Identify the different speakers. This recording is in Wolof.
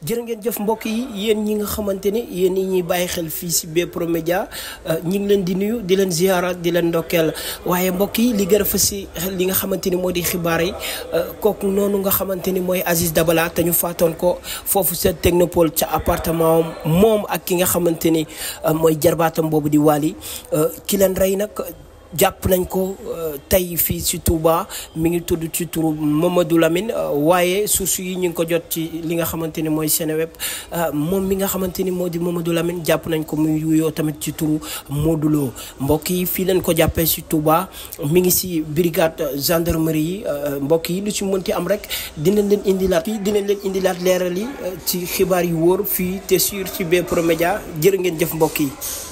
Speaker 1: jër ngeen jëf mbokk yi yéen ñi nga xamante ne yéen ñi ñuy bàyyi xel fii si Bprod Media euh, ñi ngi leen di nuyu di leen ziara di leen ndokkeel waaye mbokk yi li gën a fës si li nga xamante ni moo di xibaar yi euh, kooku noonu nga xamante ni mooy Aziz Dabala te ñu faatoon ko foofu sa technopole ca appartement moom ak ki nga xamante ni euh, mooy jarbaatam boobu di Wally ki leen rey nag. jàpp nañ ko euh, tey fii ci Touba mi ngi tudd ci turu Mamadou Lamine euh, waaye source yi ñu ngi ko jot ci li nga xamante ni mooy Seneweb euh, moom mi nga xamante ni moo di Mamadou Lamine jàpp nañ ko muy wuyoo tamit ci turu Modou Lo mbokk yi fii lañ ko jàppee ci Touba mi ngi ci brigade gendarmerie yi mbokk yi lu ci mënti am rek dinañ leen indilaat fii dinañ leen indilaat leeral yi ci xibaar yu wóor fii te sur ci Bprod Media jërë ngeen jëf mbokk yi.